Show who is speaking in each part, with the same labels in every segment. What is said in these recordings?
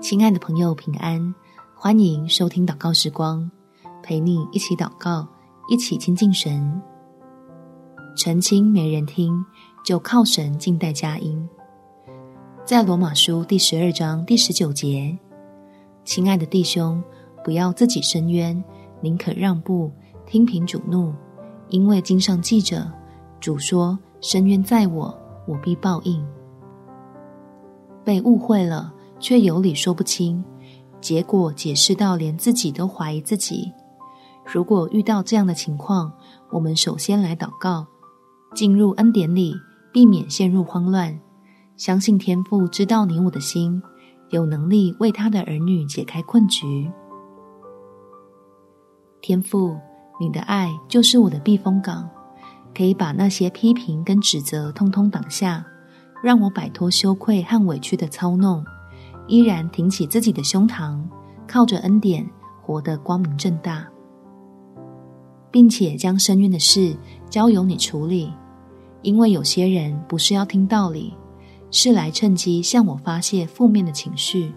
Speaker 1: 親愛的朋友，平安！歡迎收聽禱告時光，陪你一起禱告，一起親近神。澄清沒人聽，就靠神靜待佳音。在羅馬書第十二章第十九節，親愛的弟兄，不要自己申冤，寧可讓步，聽憑主怒，因為經上記着，主說：“申冤在我，我必報應。”被誤會了，卻有理說不清，結果解釋到連自己都懷疑自己。如果遇到這樣的情況，我們首先來禱告，進入恩典裡，避免陷入慌亂，相信天父知道你我的心，有能力為他的兒女解開困局。天父，你的愛就是我的避風港，可以把那些批評跟指責通通擋下，讓我擺脫羞愧和委屈的操弄。依然挺起自己的胸膛，靠着恩典活得光明正大，並且將申冤的事交由你處理，因為有些人不是要聽道理，是來趁機向我發洩負面的情緒。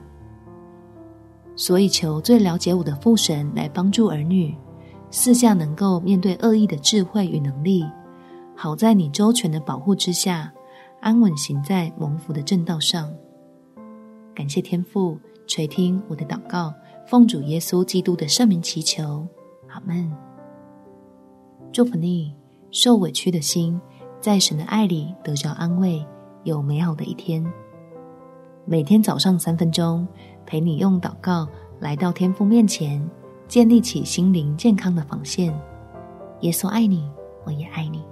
Speaker 1: 所以求最了解我的父神來幫助兒女，賜下能夠面對惡意的智慧與能力，好在你周全的保護之下，安穩行在蒙福的正道上。感謝天父垂聽我的禱告，奉主耶穌基督的聖名祈求，阿門。祝福你，受委屈的心在神的愛裡得着安慰，有美好的一天。每天早上三分鐘，陪你用禱告來到天父面前，建立起心靈健康的防線。耶穌愛你，我也愛你。